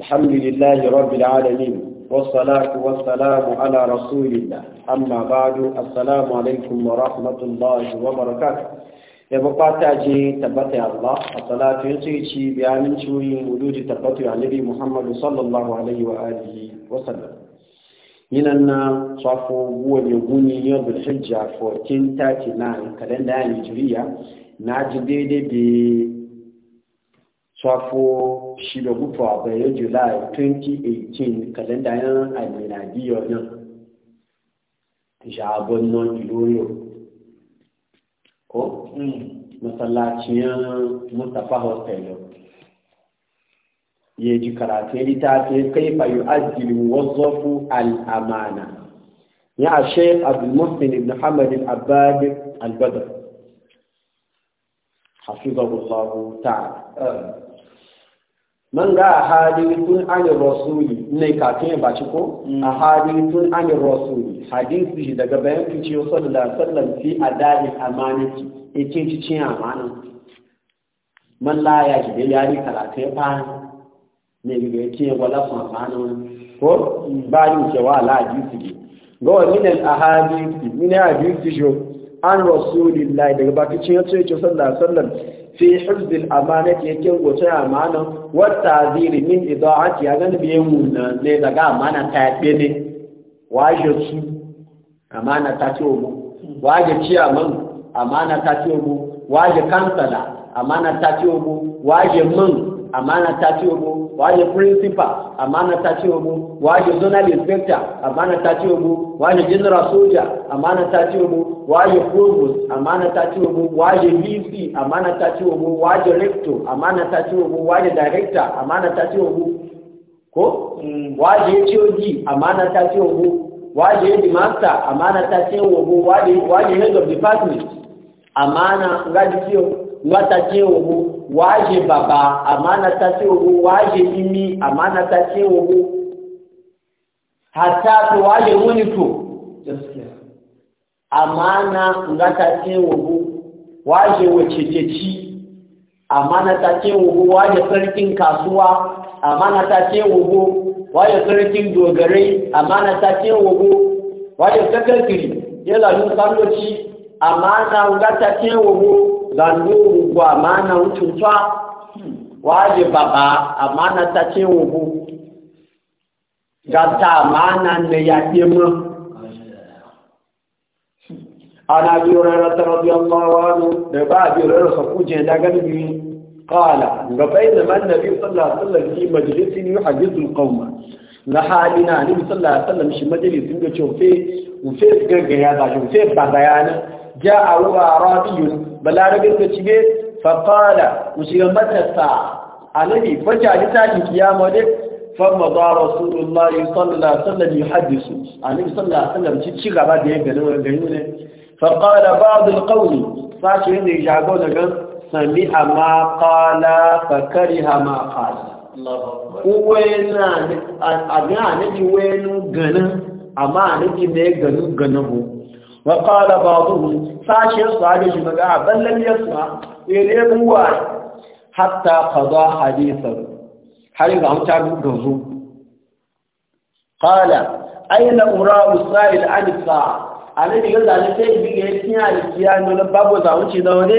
الحمد لله رب العالمين والصلاة والسلام على رسول الله أما بعد السلام عليكم ورحمة الله وبركاته يا يبقى جي تبتي الله الصلاة ينسيشي بأمن شوي ولود تبتي عن نبي محمد صلى الله عليه وآله وسلم من أن صفو هو يغني يوم الحجة 1439 كالندا الهجرية ناجي بي safo shiga gufa bayan july 2018 kalenda yan alminadiyo nan jabon nan iloyo ko hmm. masallaciyar mustapha hotel ya ji karatu ya ce kai fayu azilin wazofu al'amana ya a sheik abdulmustin ibn hamad al al-badr hafizahullahu ta'ala man ga hadithun anir rasuli ne kafin ba ci ko a hadithun anir rasuli hadisi shi daga bayan fice sallallahu alaihi fi adali amanati e ce ci cin amana man la ya ji da yari karatu fa ne ga ce wala fa amana ko ba ni ce wa la hadisi ge ga a min al ahadith min hadisi jo an rasulillahi daga ba ci sallallahu alaihi wasallam fi hizbil ke yake wace amana wata taziri min idaati ya ganin biye muna ne daga amana ta yabe ne waje su amana ta ce mu waje ciyaman amana ta ce mu waje kansala amana ta ce mu waje mun amana ta ce ogun waje principal amana ta ce ogun waje zonal inspector amana ta ce ogun waje general soldier amana ta ce ogun waje provost amana ta ce ogun waje vc amana ta ce ogun waje rector amana ta ce ogun waje director amana ta ce ogun ko waje HOD amana ta ce ogun head master. amana ta ce ogun waje head of department amana ga dikiyo watatie ogu waje baba amana tatie ogu waje imi amana tatie ogu hatatu waje munifu amana nga ngatatie ogu waje wacececi amana tatie ogu waje sarkin kasuwa amana tatie ogu waje sarkin dogarai amana tatie ogu waje sakatiri yana nufandoci amana nga ngatatie ogu zandu wa mana wucutwa waje baba amana ta ce wubu gata amana ne ya ɗema ana biyu rana ta rabi Allah wani da ba biyu rana sa kuje da galibi kala ga bai da man nabi sallallahu alaihi wasallam fi majalisin yuhaddithu alqawma na hali na annabi sallallahu shi majalisin ga cofe ufe gaggaya ba shi ufe ba bayanin ja'a wa rabiyun balarabin da cige fa qala ushiga matasa alani faja ni ta kiyama dai fa madha yi sallallahu alaihi wasallam yuhaddisu annabi sallallahu alaihi wasallam ci gaba da yanga nan gari ne ba qala ba'd alqawli fa shi ne jago daga sami amma qala fa kariha ma kowa yana abin anabi wenu ganin amma anabi mai ganin ganin bu wa kala ba zuhu sashen su hajji shi maga a ballon yasuwa ere ruwa hatta kaza hadisar har yanzu an tabi gazo kala aina ura usra'il alisa anabi yanzu anabi sai yi ga yakin alikiya nuna babu zaunci da wani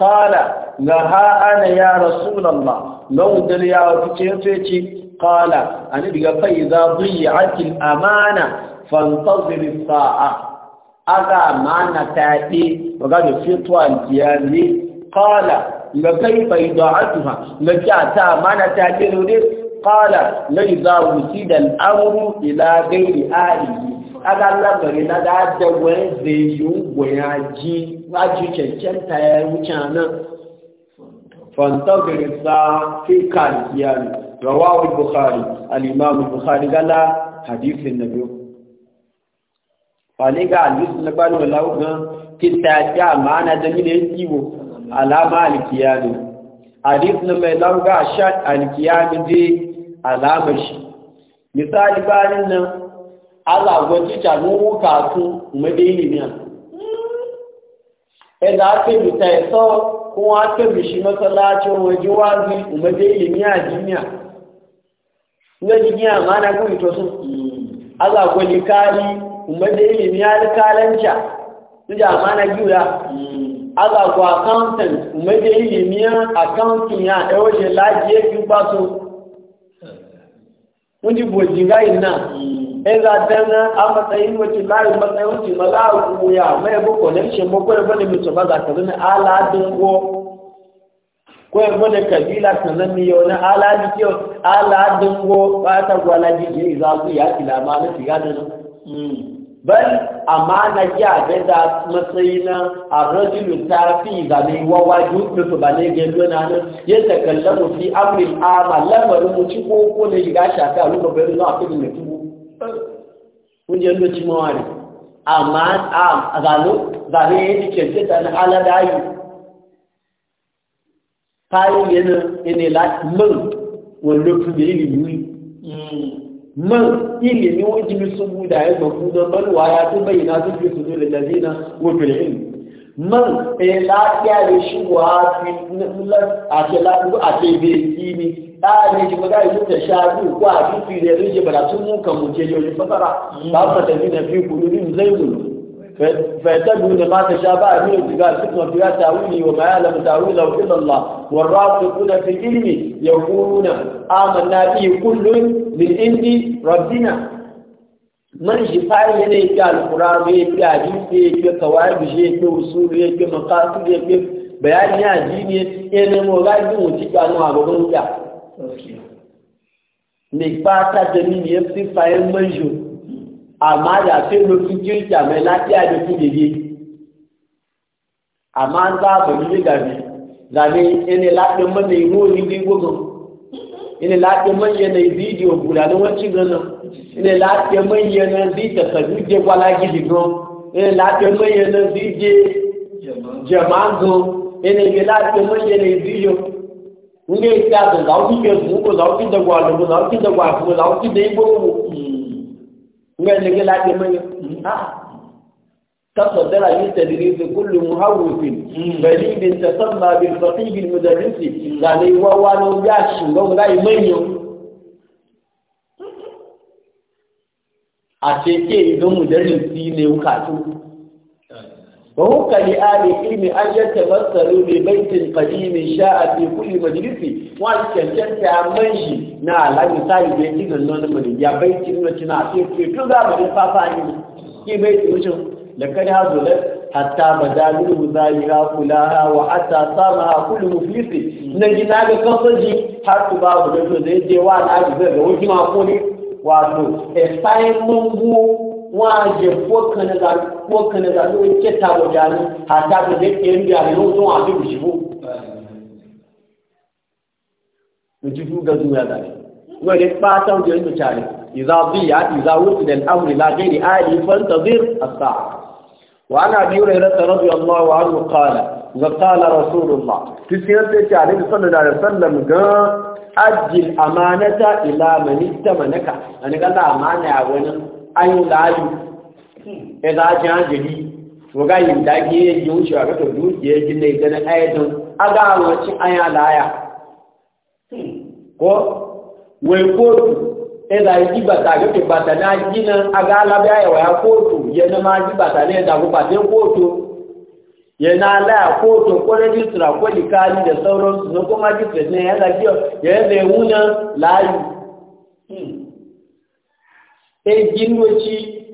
kala ga ha ana ya rasulullah law dal ya fice sai ce? Kala. ani diga fa idza dhi'at al amana fantazir as sa'a aga mana ta di ga da fito al qiyami qala ga kai fa idza'atuha ga ta mana ta di ne qala la idza usida al amru ila ghairi ahlihi aga labari na da da wani zai yi gwayaji wajen cancanta ya wuce nan فانتظر الساعة في كالكيان رواه البخاري الإمام البخاري قال حديث النبي فعليك حديث النبي والله كتاجا معنى دمين يجيبه على مالكيان حديث النبي الله قال شاك الكيان دي على مشي مثال بالنا Allah gwaji canu kasu madini ne. Ẹ̀dá ake mita ẹ̀sọ́ kuma ta shi masallacin waje wazi kuma dai ilimi a duniya na jigiya ma na kuma ito sun aza gwani kari kuma ilimi a kalanta, ina ma na gida. aza kwa accountant kuma dai ilimi a accounting ya ɗaya waje lajiyar fi ba su kun ji bojin gayin nan in za ta nan a matsayin wacce layin matsayin wacce ma za a koya mai e bu connection ba kawai bane mutum ba za ka zama aladin ko kawai bane kabila ta zama yau na aladin kyau aladin ko ba ta gwala jiji hmm. za su ya fila ma na shiga da bal amana ya ga da matsayi na arrajulu tafi da mai wawa duk da ba ne ga yana nan ya takallamu fi amrin ama lamarin mu ci ko ko ne ga shaka ruba bai na fi ne kungiyar doci mawari amma a zano zane ya fi cancanta na aladayi kayan yana yana lati man wanda su da ilimi man ilimi wajen su buda ya zafi don balwa ya fi bayyana su fi su zo da jazina wafin ilimi man ɗaya eh, lafiya da shigowa fi nufular a ce lafiya a ce bai yi ne ta ne shi magana yi ta sha biyu ko a fifi da rije bala sun muka mu ce yau ba ba ta tafi na fi kudu din zai wuni fa ta bi ne ba ta sha ba ne da ga su ko ya ta wuni wa ma ya lam ta wuni law illa allah wa rafiquna fi ilmi yaquluna amanna bi kullu min indi rabbina man shi fari yana yake alkurama yake hadisi yake kawaibi yake usulu yake maqasid yake bayani ya dini yana mo ga ji mu ci kanu a gaban ya ne fata da ni ne fi fayin manjo amma da sai lokacin kirkiya mai lafiya da ku dede amma an za ba ni ga ni da ne ene man ni man bidiyo gudanar wancin ganin ne lafiya manyan nan zai ta sanu je kwala gidi don ne lafiya manyan nan zai je jama'a ene ge láti mọ yẹn lè rí yo nge ìta àtọ̀ làwọn ti kẹ fún kó làwọn ti dẹ̀gbọ́ àlùkò làwọn ti dẹ̀gbọ́ àfúkò làwọn ti dẹ̀ igbó wò nge ene ge láti mu yẹn kasa dara yi tadiri fi kullu muhawwifin balibin tasamma bil faqih al mudarris la lay wa wa no ya shi ngo ngai manyo ashe ke idan mudarrisi ne ba wa hukka li ali ilmi an yatafassaru ne baitin qadim a fi kulli majlisi wa kankan ta shi, na alaji sai da idan nan mun ya baitin na a sai ke to za mu fafa ni ke baitin mutum da kada hazo da hatta badalu zalira ha wa hatta samaha kullu muflisi nan gina ga kafaji har su ba da to zai je wa alaji ga wani ma ko ne wato esayin mungu waje ko kana da ko kana da ko ke ta ha ta da zai ke ndi a yau don a bi shi bu mutu ji ga zuwa da wa da ta da yin mutane idza bi ya idza wusida al-amr la gairi ali fantazir as-sa'a wa ana bi hurairah radiyallahu anhu qala wa qala rasulullah tisiyar ta ce a sallallahu alaihi wasallam ga ajil amanata ila manita manaka wani gala amana ya wani ayu layu ya e za a ji hajjali waga yin dage ya yi wuce a kasa dukiyar gina idan ayatun aga wacin aya laya ko wai kotu ya e yi ji bata ga ke bata na gina aga alabi ayawa ya kotu ya ma ji bata ne da ku bata kotu yana na ko to ko rajistra ko likali da sauransu na kuma jikin ne ya zafi ya yi zai wuna layu ɗai hmm. gindoci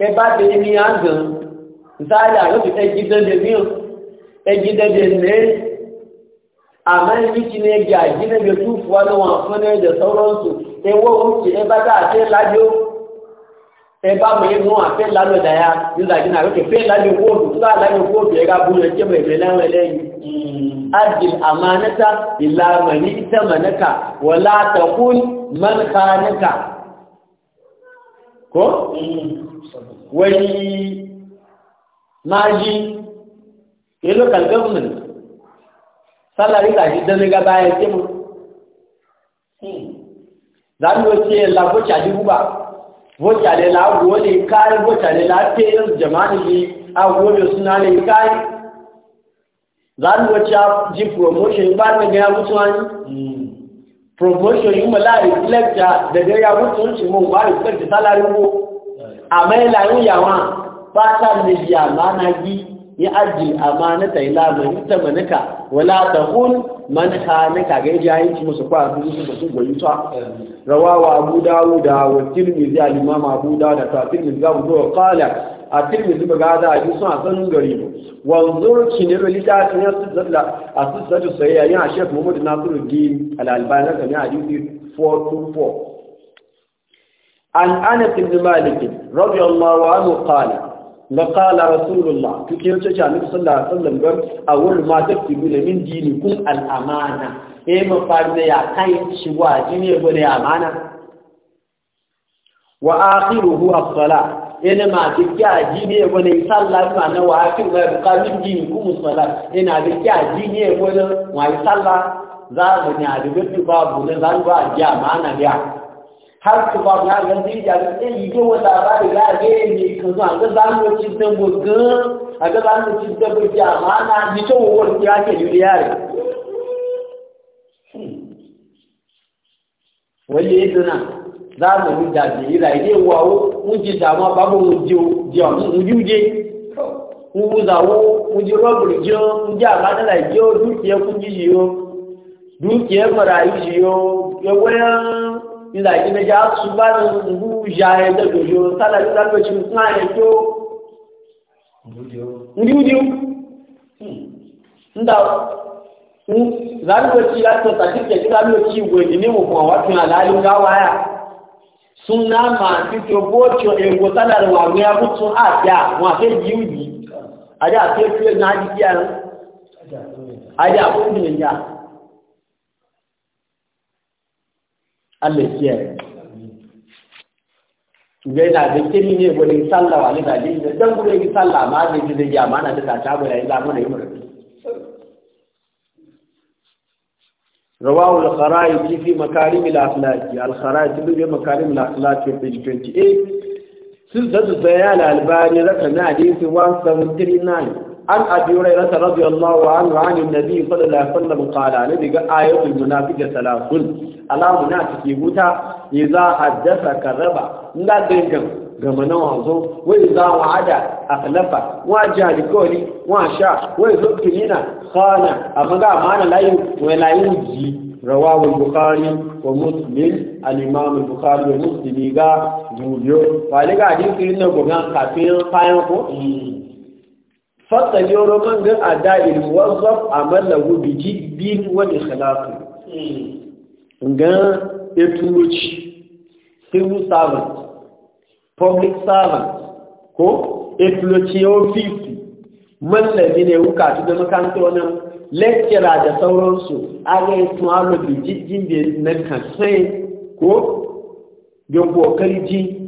ɗai ba da yi ya zan misali a rufe ɗai da da ne a man yiki ne ga da tufuwa na wasu ne da sauransu ɗai wa wuce ba a ce ẹba mọ̀ inú àfẹ́ lánà ìdáyà nígbà jí náà lókè fẹ́ lánà ìwòdù sáà lánà ìwòdù ẹgbà búrú ẹjẹ́ mọ̀ ìrẹ̀ láwọn ẹlẹ́yìn adìl àmánẹ́ta ìlànà ní ìtẹ́mọ̀nẹ́ka wọ látọkún mọ́nkánẹ́ka kó wẹ́yí máa yí local government sálàrí ìdájí dánilá báyẹ̀ jẹ́ mọ́ wacce la gole kai wacce la lafiyar jama'a ni a gole suna ne kai za wacha ji promotion ba ne ga mutu wani hmm. promotion yi mala lecture da ya mutu wani shimon ba reflecta salari ko amma la yin yawa ba ta ne ya na gi ya aji amanata ila man tamanaka wala taqul man hanaka ga jahilci musu kwa su su su goyi ta rawawa abu dawo da wa tirmidhi al imam abu dawud ta tirmidhi ga budo qala a tirmidhi ba ga da hadisi a sanin gari wanzur kinir lita tinar sadda a sadda sayya ya shek muhammad nasiruddin al albani kan hadisi 424 an anas ibn malik radiyallahu anhu qala na kala rasulullah kike yace ce annabi sallallahu alaihi wasallam gar awul ma bi ne min kun al amana e eh, ma fadne ya kai wa jini go ne amana wa akhiruhu as-salah ina eh, ma dikya jini go ne sallah ma na wa akhiru ma dini kun as-salah ina eh, dikya jini go ne wa sallah za mu ne a dubu babu ne zan ba ji amana ya har su ba na gan zai da zai yi ga wata ba da ga ga ne kan zuwa ga za mu ci dan goga a ga za mu ci dan goga amma na ni to wor ya ke yi yare wani idana za mu yi da ji ira ide wawo mun ji da ma babu mu ji ji mu ji ji mu bu za wo mu ji robur ji mu ji amma da ji dukiya kun ji ji yo dukiya marayi ji yo ya wayan ìlà ìdíbẹjà ṣùgbà lùgbù ya ẹjọ jòjò sálà nígbà tó ti ke àyè tó ndíwúdíwú ndà ń lánàá tí látọ̀ tàbí kẹ̀kẹ́ lánàá tí ìwé ìdíníwò fún àwọn tún àlàyé ń gáwá yà sún náà mà títí o bó tí èèwò sálà rẹ̀ wà ní abútún àti àwọn àfẹ́ yìí yìí àti àfẹ́ fẹ́ náà jíjẹ́ àrùn àti àfẹ́ òmìnira Allah ya kiyaye ga yana da kiri ne wani sallah wani da ji da dan gure ki sallah ma da ji da ya mana da ta ta gure ya da yimar rawahu al fi makarim al-akhlaq al-kharaij bi makarim al-akhlaq page 28 sun da bayana al-bani rakana hadisi 1739 عن أبي هريرة رضي الله عنه عن النبي صلى الله عليه وسلم قال نبي آية المنافقة ثلاث على منافق يبوتا إذا حدثك الربع لا دينكم كما نوازو وإذا وعد أخلفا واجه لكولي واشا وإذا كنين خانا أبدا ما نلايو ولا يجي رواه البخاري ومسلم الإمام البخاري ومسلم يقول يقول يقول يقول يقول يقول يقول يقول fasta ne wani man gan a da'il muwazzaf a mallahu bi jibin wani khalafu hmm. gan etuci civil servant public servant ko etuci yau fifi mallami ne wuka su da makaranta wani lecturer da sauransu a ga yi tuwalo bi jibin da na kasai ko ga kokari ji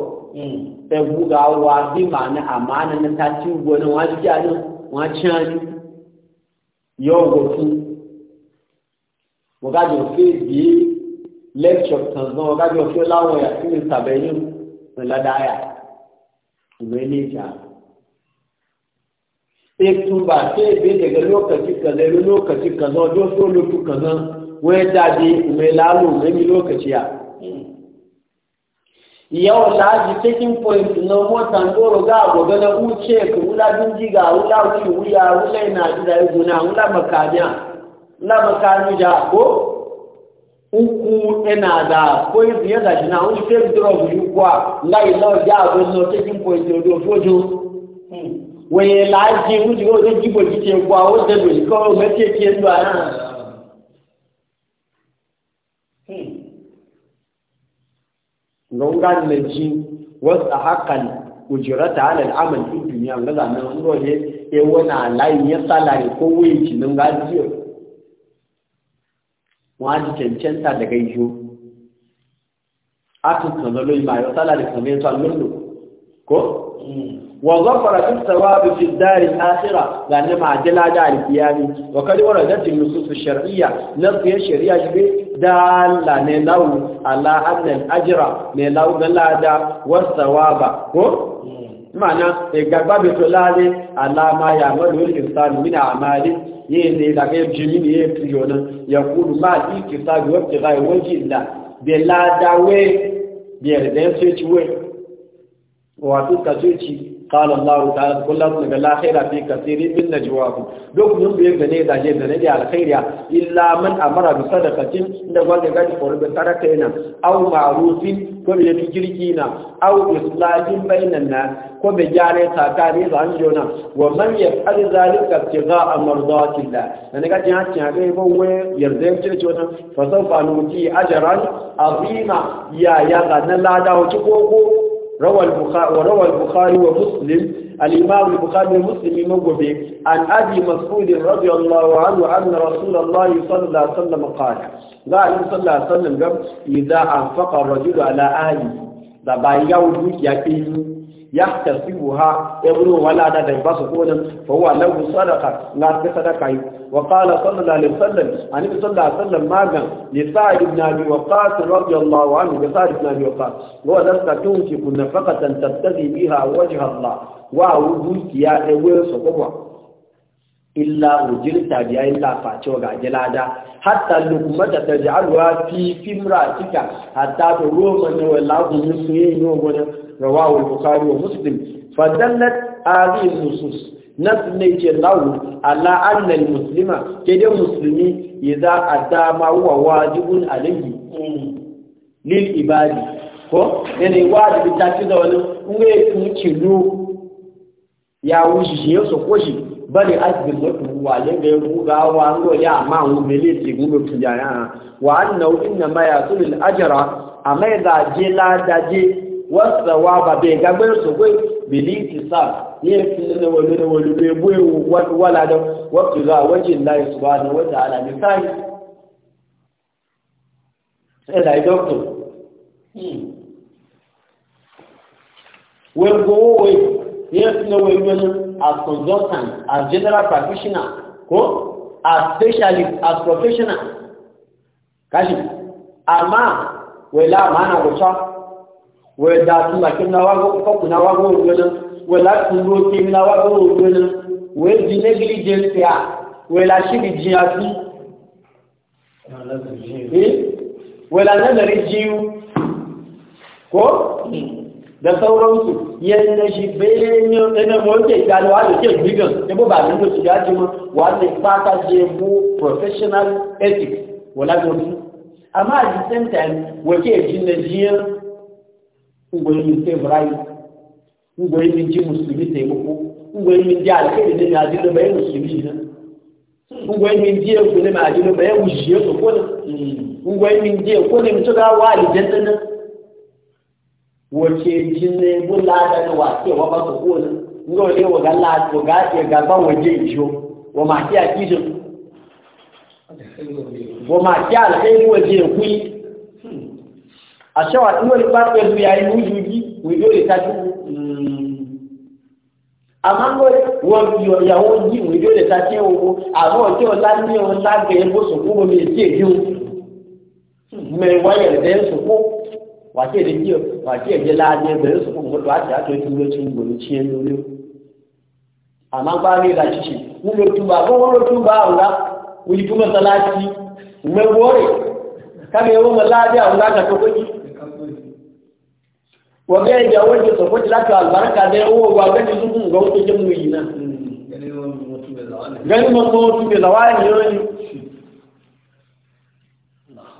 ẹ̀wúgawa bugawa màá ní amana na ta tí gbogbo ní wọ́n á jíjá ní wọ́n á tíá ní yóò wò fún wọ́gájọ fèèdì lẹ́kṣọ̀ tàǹzán wọ́gájọ fẹ́ láwọn ẹ̀yà sí ní sàbẹ̀yìn ńlọ́dáyà ìlú ilé ìjà. ètò lókàtí kànlẹ̀ lókàtí ọjọ́ tó lókù kànlẹ̀ wọ́n ẹ̀ dáadé ìmẹ̀lá lò mẹ́mi lókàtí yà. yau laji cikin point na motan doro ga gobe na uce ka wula bindiga wula wuce wuya wula na ji da guna wula makamiya wula makami da ko uku ina da ko yi fiye da shi na wani fake drug yi kuwa nga yi lọ ja ago na cikin point na doro fojo wòye laji wuce ko o jibo jite kuwa o dẹbi ko o mẹtẹ tiẹ lu ara. gongan laji wasu a hakan ujirata ala al'amal fi duniya ga zanen wani rohe e wani alayi ya salaye ko wuyi cinin gajiyar mu ti cancanta daga iyo a tún kàn lọ lóyìn salaye sálàrí yanzu mẹ́ta lọ́lọ́ ko wa zafara fi thawabi fi dar al-akhirah yani ma jala da al-qiyami wa kad waradat an-nusus ash-shar'iyya nas ya shari'a shi dalla ne lawu ala anna al-ajra ne lawu dalada wa thawaba ko mana igagba e bi to lale ala ma ya malu al-insan min a'mali yene da ga jimini ye ya yaqulu ma ikitabi wa ibtigha wajhi la bi la dawe bi erdensu ci we wato ka ce ci qala Allah ta'ala kullu daga la khaira fi kaseerin min najwaakum duk mun bai gane da je da nabi alkhairiya illa man amara bi sadaqatin inda gwanda gaji ko rubuta saraka yana aw ma'rufin ko bi yafi kirki na aw islahin bainan nas ko bi jare tsakani da an jona wa man yaf'al zalika ibtigha'a mardatillah dan ga jin hakin haka yabo we yarda ya ce wannan fa sawfa nuti ajran azima ya ya ga na lada ko ko روى البخاري وروى البخاري ومسلم الإمام البخاري ومسلم مغبي عن أبي مسعود رضي الله عنه أن رسول الله صلى الله عليه وسلم قال قال صلى الله عليه وسلم إذا أنفق الرجل على أهله ذا بايعوا دوكيا yahtasibu ha ibnu wala da da basu kodan fa huwa lahu sadaqa la ta sadaqa wa qala sallallahu alaihi wasallam ani sallallahu alaihi wasallam ma ga li sa'id ibn abi waqas radiyallahu anhu li sa'id ibn abi waqas wa dasta tunki kun nafaqatan tattabi biha wajha allah wa wudhi ya ewe so kwa illa ujilta bi ayi la fa cho ga jalada hatta lukmata taj'alha fi fimra tika hatta to ruwa ne wala gumu sun yi no gona رواه البخاري bukhari wa هذه النصوص hadhihi نيجي لو على ان ce كده مسلم اذا ادى ما هو da عليه للعباد adama huwa wajibun alayhi lil ibadi ko yana wajibi ta ci da wani ngwe kucilu ya wuce ya so koshi bari asibin mutum wale da ya ga wa ngo ya ma wu mele ti gumo tujaya wa annahu inna ma yasul al ajra amma da je la da wasa wa ba be ga gbe so gbe bili ti sa ye ti ne wo ne wo ne bo e wa wala da wa ti la waji Allah subhanahu wa ta'ala misali sai da doctor we go we ye ti ne wo as consultant as general practitioner ko as specialist as professional kashi amma wela mana ko wai da na wai la wai negligence ya wai la shi ya eh? wai la nazari jiyu ko da sauransu yadda shi bayan yana mawance ganowa da ke bigan e bu ba da da shiga gaji ma wanda fata je mu professional ethics wala gobi amma a the same time wace jin na ngwai min sai burai ngwai min musulmi taimako yi min ji alkhairi ne na jino bayan musulmi ne ngwai min ji yanku ne na jino bayan wujiye su ko ne ngwai min ji ko ne mutu ga wa aljanna ne wace jinne da ne wa ke wa ba su ko ne wa ga la to ga ke ga ba jo wa ma ki a kijin wa ma ki kuyi àṣẹwà tí wọ́n lè bá pẹ̀lú ayé wúyúyí wèlé lè tajú àmọ́ wọn fi ọ̀yàwó yí wèlé lè tajú owó àwọn ọjọ́ ọ̀la ní ọ̀la gẹ̀ẹ́ bó sòkó wọn lè èdè o mẹ́wàá yẹn lẹ́yìn sòkó wà èdè díẹ̀ wà èdè láàdé bẹ̀rẹ̀ sòkó mọ́tò àti àtọ̀ ètò ìlú ẹ̀tún gbòòrò tí ẹ̀ lórí o àmọ́ gbá ní ìlà ṣíṣe wúlò túbà àwọn wọ́gẹ́ ẹ̀jẹ̀ àwọn ẹ̀jẹ̀ sọ̀kọ́ ti láti àlùbáríkà dẹ owó wa gẹ́gẹ́ tó kún nǹkan tó jẹ́ mú yìí náà. gẹ́gẹ́ mọ́ tó tún bẹ̀ lọ́wọ́ ènìyàn ni.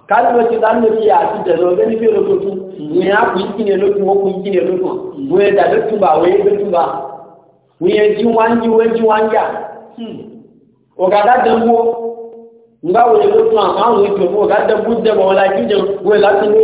kálíwọ̀ ti dáná sí àti tẹ̀lé ọ̀gẹ́ ní bẹ́ẹ̀ lóko tún ìyẹn á kù í kí ni lókun ó kù í kí ni lókun. wọ́n yẹ dàbẹ́ túbà wọ́n yẹ gbé túbà. wọ́n yẹ jí wá ń jí wọ́n jí wá ń jà. ọ̀gádá dẹ́gbó ńgbà wọ́n yẹ lókun àmọ́ àwọn ìjọba ọ̀gá dẹ́gbó dẹ́gbó wọn la jíjẹun láti wó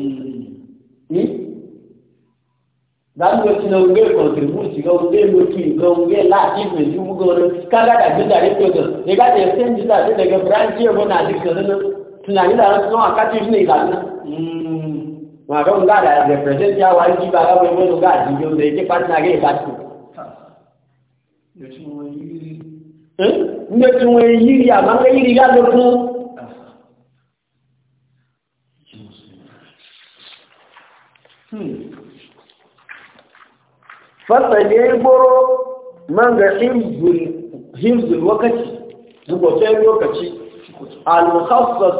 gbàgbé tí náà gbé kọ̀ǹtìrìbùtì náà gbé lókì náà gbé láti ìgbè tí wúgọ́ náà kágàdà gbéjà ní pẹ̀lú nígbà tí ẹsẹ̀ ń jíjà sí ẹgbẹ́ bíráńtì ẹ̀bọ́n náà àti ìṣẹ̀lẹ̀ náà tí náà nígbà tí wọ́n akájú ní ìlànà wọn àbẹ́ wọn gáàdà ẹ̀ pẹ̀lẹ́ tí ẹgbẹ́ gáàdì yóò lè tí wọ́n fasale goro man ga himzul wakati zubotai lokaci al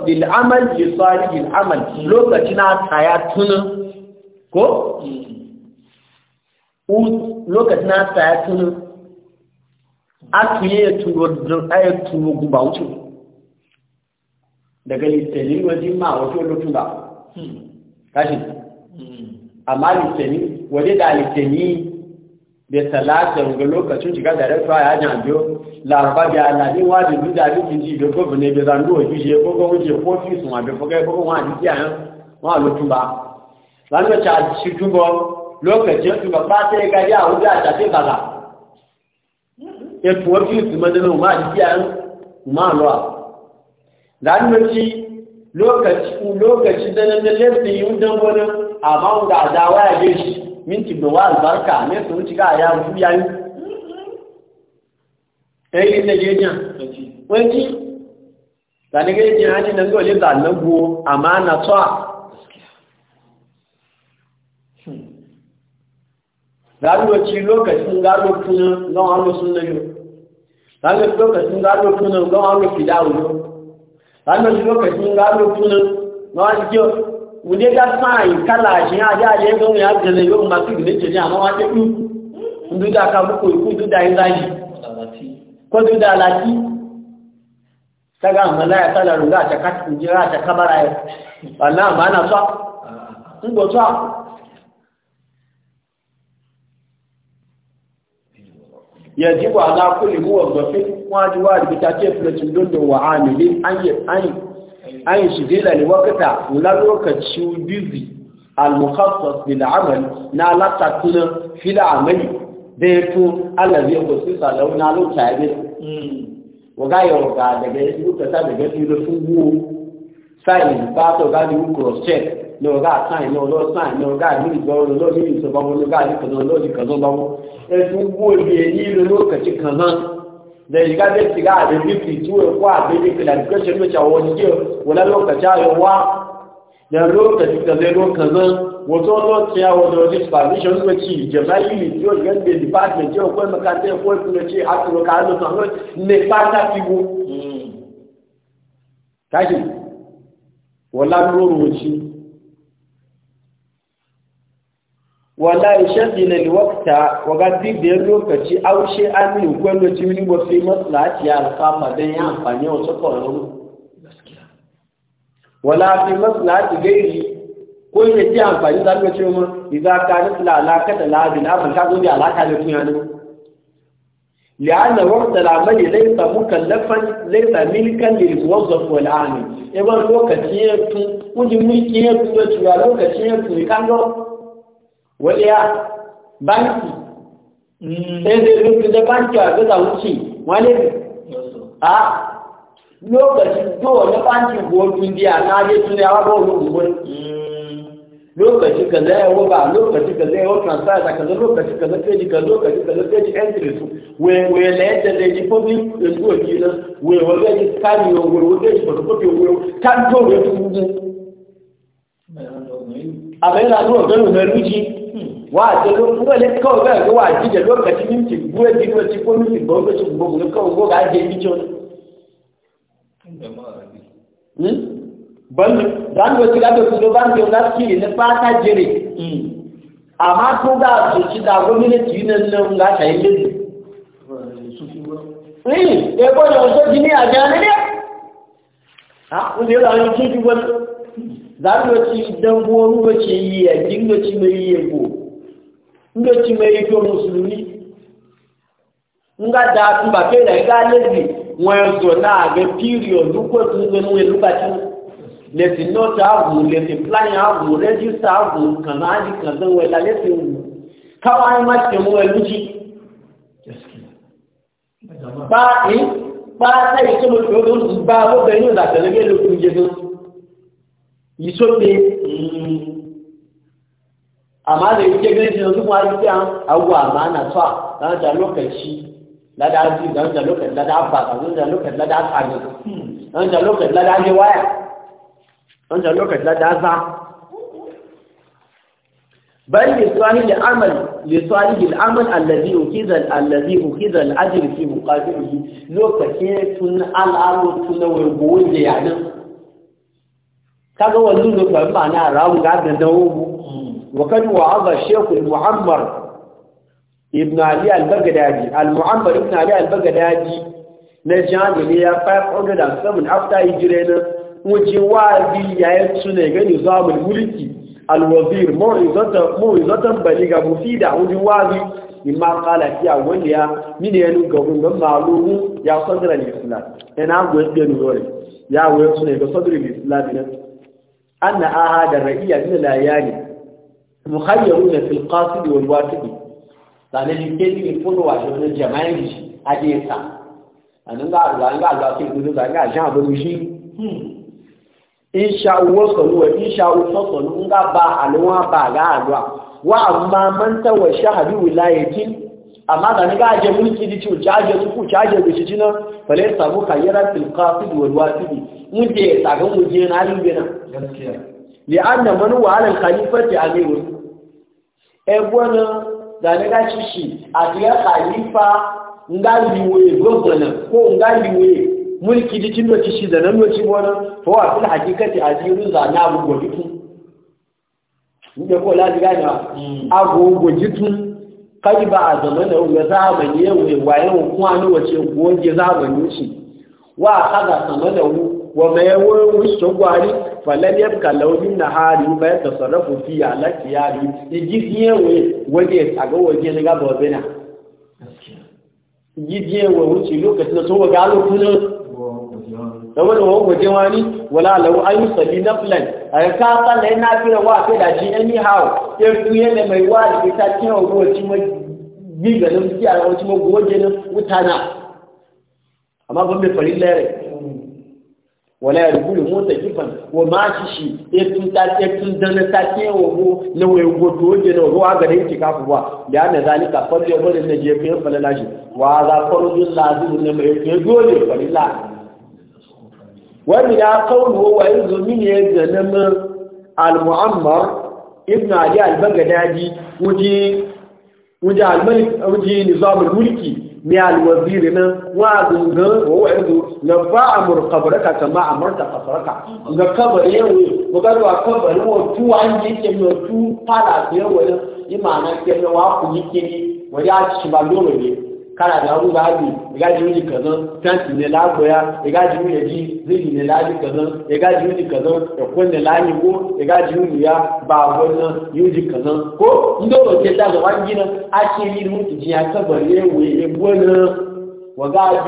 bil amal bi salih amal lokaci na tsaya tun ko lokaci na tsaya tun atuye turo don ayat eh, turo guba wuce daga litinin waje ma wato lutun ba hmm. kashi hmm. amma litinin waje da litinin da talatin ga lokacin shiga da rafa ya jan biyo laraba da alani wa da duda ji da gobe ne da zando wa jije ko wuce ko fi sun abin fuka ko kuma a jiya yan wa lutun ba zan ta shi tubo lokacin tuba ba ta ga ya wuce a tafi kaza e ko fi sun madana ma jiya yan ma lo'a zan ta ci lokaci lokaci da nan da lafi yun dan wani amma da dawa ya shi minti da albarka ne su wuce ga ya wuce yayi eh ne je nya wani tani ga je hani nan gole da nan go amana tsa gano ci lokacin gano kunan don hannu sun na yau lokacin don wùdé ká fáàyìn kálà àṣìyàn ajá ayé ẹgbẹ̀rún ya gẹ̀lẹ̀ yóò máa sí ìgbẹ̀lẹ̀ ìjẹ̀lẹ̀ àwọn wájẹ́ pín ìdúdá kàbùkù ikú ìdúdá ìláyì kọ́dúdá aláti sága àmàláyà tálà rùgbà àṣàkábára ẹ̀ wàlá àmàánà tọ́ ńgbọ̀ tọ́ yẹ̀díwà alákùnrin mú ọ̀gbọ̀fẹ́ wọ́n á jíwá àdìbìtà tí èfìlẹ̀ an shigila ne wakata na lokaci busy al-mukhassas bil amal na latatuna fil amali da yato Allah zai ko sisa launa lokaci ne waga ya waga daga yau ka ta daga tilo sungu sai ba to ga ni cross check ní ọ̀gá àtàn ìní da shiga zai shiga a dabi fituwa ko a dabi clarification da cewa wani ke wani lokaci ayowa da lokaci da zai wato lokaci ya wani wani supervision da ci jama'i ne ciwo yadda department ciwo ko makanta ya kowai kuma ce a kuma ka hannu sanar ne fata figo hmm. tashi wala loro wala yashghil alwaqta wa gadi da lokaci aushe amin gwamna jimini wa fi maslahati alqama don ya amfani wa sokoron wala fi maslahati gairi ko ne ji amfani da ga cewa mun ka kanat la alaka da labi na ban ka gode alaka da duniya ne li'anna waqta al-amal laysa mukallafan laysa milkan lil muwazzaf wal amil idan lokaci ya tu kun mulki ya tu da lokaci ya tu kan go waliya banki hmm. sai zai rufe da banki a gaza wuce wani a lokacin to na banki gobin diya na je a ya wani rubun hmm. lokaci ka zai yawo ba lokaci ka zai yawo transfer da kaza lokaci ka zai ji ka lokaci ka zai ji entry su we we yadda zai ji public school ki na we we zai ji kani yo guru zai ji photocopy yo guru kan to we tu a bai na zuwa gano na ruji wa ce don kuma ne kawai ga ga wa ji da lokacin minti buwe ji ko ci ko minti ba ko ci ko ne kawai ko ga je ni ce ne ban ko ci ga to ko ban ko na ki ne pa ta jere amma ko ga su ci da gwamnati nan nan ga ta yi ne ni e ko yo so ji ni a ga ne ha ne da ci ji ban dan ko ci dan bo ruwa ce yi a ci mai yi ko ndo ti me ido musulmi nga da tu ba ke da ga le bi wọn zo na ge period lu ko tu ne mu lu e ba ti le ti no ta wu le ti plan ya wu register wu kan na di la le ti wu ka ma ti mu e lu ji ba i ba ta i ke mo ko do ba wo be ni da tele ge lu ku je do yi so pe amma da yake ganin yanzu kuma har sai agwa ma na tsawa dan da lokaci da aji dan da lokaci da afa dan da lokaci lada tsani dan da lokaci lada ne waya dan da lokaci lada za bal li da amal li da amal alladhi ukiza alladhi ukiza al-ajr fi muqabilihi lokaci tun al'aru tun wai goje yanin kaga wannan lokacin ba na rawun ga da dawo وقد وعظ الشيخ المعمر ابن علي البغدادي المعمر ابن علي البغدادي نجان ليا 507 after hijrena wuce wazi yayin sune ga nizamul mulki alwazir mu'izatan mu'izatan baliga mufida wuce wazi mimma qala fi awliya min yanu gabun nan malumu ya sadra al-islam ina goyen da nore ya wayo sune ga sadra al-islam ne anna ahada ra'iya mukhayyaruna fil qasid wal watib sanan ni ke ni fodo wa jona jama'i ji aje sa anan ga ga hmm. ga ga ke gudu ga ga jan abun shi insha Allah sanu wa insha Allah sanu nga ba alwa ba ga alwa wa amma man tawa shahadu wilayatin amma da ni ga aje mulki di ciwo jaje su ku jaje da shi jina fale samu khayran fil qasid wal watib mun je ta ga mun je na limbe na gaskiya li'anna man wa ala al-khalifati amirun ebona da na gashi a tiya khalifa ngaliwe gwamna ko ngaliwe mulki dikin da shi da nan wace bona fa wa fil hakikati azirun za na abu gojitu inda ko na kai ba a zamanin ga zamani yau wayan kwano wace goje zamani shi wa wama ya wo wisho gwari falan ya ka lauri na hari ba ya tasarrafu fi ya laki yari igi diye we waje tago waje ne ga bobena ji diye we wuce lokacin da so ga alu kuno da wani wani waje wani wala lau ayu sabi na plan a ya ka ka lai na fi rawa fi da ji emi hau ya fi yi ne mai wari ki ta kiyan wani waje ma gigalin fi a wani waje na wutana amma ban bai fari lere wala ya rubu mota kifan wa ma shi shi ya tun ta ce tun da na sake wa go na waye go to waje na ruwa ga dai kafu ba ya na zalika falle bare na je kai falala shi wa za farujul lazim na mai ke dole falila wa min ya qawlu wa yanzu min ya ganam al muamma ibn ali al bagdadi wuji wuji al malik wuji nizam al mulki ni alwaziri nan wa dungan wa wa'adu na fa'a murqabraka kama amarta qasraka ga kabari yau ko ga wa kabari wa tu an yi ke mu tu fara da yau wani imana ke wa ku yake ni wa ya ci ba dole ne kára àdáwó bá bì ìgájú ní kànáà tẹ́ǹtì ní lágbóyá ìgájú ní ẹ̀jí zéyì ní láàyè kànáà ìgájú ní kànáà ẹ̀kọ́ ní láàyè wó ìgájú ní ya bá àwọn náà yóò di kànáà kó ndóòrò tẹ dáná wá jí náà á ṣe yí mú wa ga sábà ní ewé egbó náà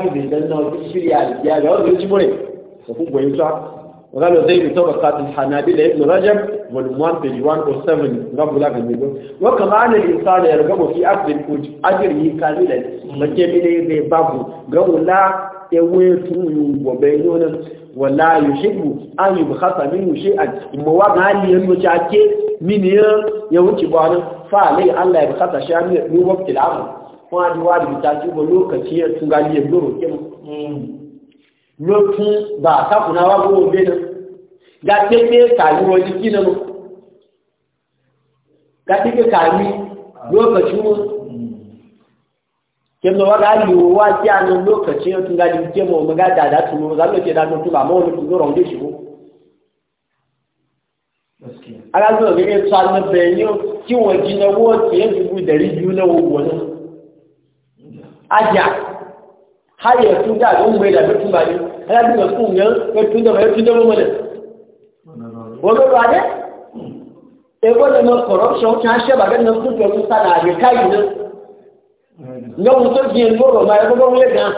shirya, gá bí ìrìnlẹ̀ náà ti ṣírí àdìyà rẹ̀ ọ́ وقالوا زي بطبقة الحنابلة ابن رجب والموان في جوان أو سفن قبل لك الميزون وكمان الإنسان يرغب في أخذ الكوج أجره كاملا مجمعين زي بابه قالوا لا يويتو وبينونا ولا يحب أن يبخص منه شيئا المواقع هل ينمشاكي من يوتي بوانا فعلي الله يبخص شيئا من وقت العمل وانا واجب تاتيب لوكا شيئا تنغالي يبدو كم lókun bá àtàkùn náà wá gbogbo gbé náà gàtẹ́gbẹ́ kàlí wọn di kí náà gàtẹ́gbẹ́ kàlí lókàtí wọn kemgbe wa gaa yi wa ti a nu lokaci yau tun gadi ke mu ga dada mu ga lokaci da tun ba mu wani tun zoron zai shigo a ga zo gege na benyo ki ji na wo ti bu dubu dari biyu na wo gona aja har ya tun da al'umma mai da mutum ba ne har yi da kun yan ya tun da mai tun da mu mana wani ba ne e wani na corruption ta shi ba ganin sun ga musa na da kai ne na mutum ke noro ma ya kuma wani gan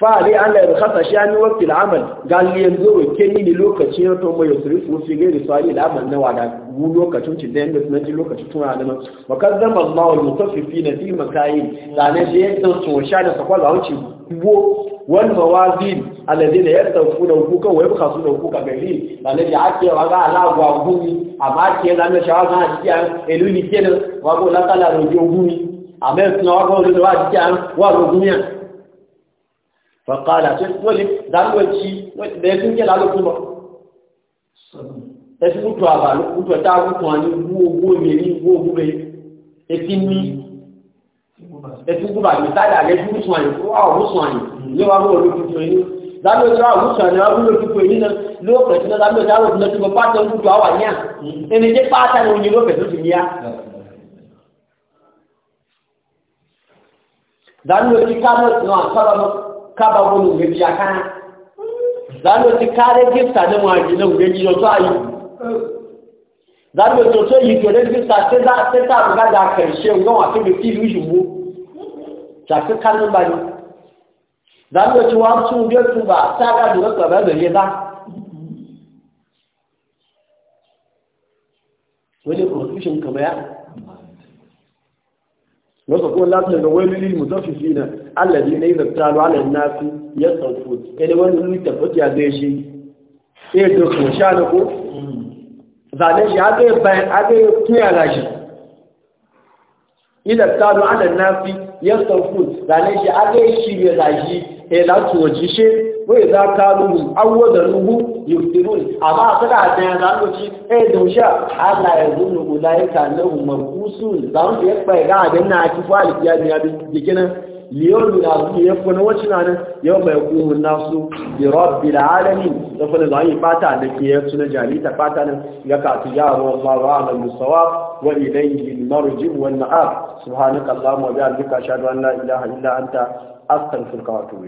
fa'ali Allah ya kasa shi an wakti al'amal gali yanzu wake ni ne lokaci ya tomo ya suri su fi gairi su ali al'amal na wada gu lokacin ci da yadda sunan ci lokaci tun a nan wa ma Allah tafi fi na fi makayin zane shi yadda sun sha da sakwal a wuce bo wani mawazin ku da hukuka wa da hukuka gari zane da ake wa ga alagwa gumi amma ke zane shawa ga cikin eluni kenan wa ko la kala rojo gumi amma suna wa ko rojo wa wa rojo faƙala sai wani zaluwanci da ya sun ke lalu kuma ya fi mutuwa ba mutuwa ta mutuwa ni gogo meri gogo bai ya fi ni ya fi guba mi sada ga fi mutuwa ne ko awa mutuwa ne yau abuwa lokaci ne zaluwanci awa mutuwa ne abuwa lokaci ne lokaci na zaluwanci awa na tuba fatan mutuwa wa niya ene je fata ne wani lokaci su niya zaluwanci kamar na sabama kaba wani gaji a kana ti kare gifta na mawaji na gaji yau ta yi zano ti to yi to gifta sai za a sai ta buga da karshe ga wato da fili shi mu ta ka kallon ba ne zano ci wa su biyar su ba ta ga da wasu ba da ne ba? wani confusion kamar wasu kuma lati daga wani lili mutafi fi na alladi na yi zartalu alayin nafi ya tsarfu ɗaya wani lili tabbati a zai shi ɗaya eh, da sha da ko zane shi haɗe bayan haɗe tuya na shi yi zartalu alayin nafi ya tsarfu zane shi haɗe shi ya zaji e la tu wajishe wa idza kanu awwadaluhu yuftirun amma kada da ya zanu ci e dosha Allah ya zunu ulaika lahum marqusun zan ya bai ga da na ci fa alkiyami ya dikina liyon na su ya kuna wacce na nan yau mai kuhun nasu bi rabbil alamin da fa da yi fata da ke ya suna jari ta fata nan ya ka tu ya wa Allah wa ala musawab wa ilayhi al-marji wa an-na'ab subhanaka allahumma wa bihamdika ashhadu an la ilaha illa anta astaghfiruka wa atubu